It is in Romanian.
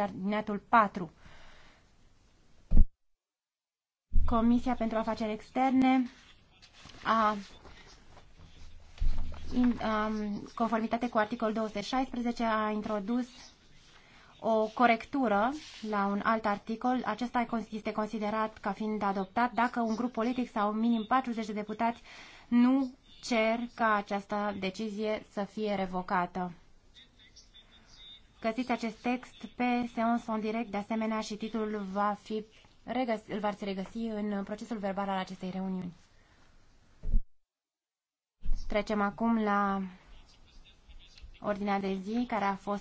alineatul 4. Comisia pentru Afaceri Externe a in, um, conformitate cu articolul 216 a introdus o corectură la un alt articol. Acesta este considerat ca fiind adoptat dacă un grup politic sau minim 40 de deputați nu cer ca această decizie să fie revocată. Găsiți acest text pe seans în Direct, de asemenea, și titlul va fi regăs, îl va regăsi în procesul verbal al acestei reuniuni. Trecem acum la ordinea de zi care a fost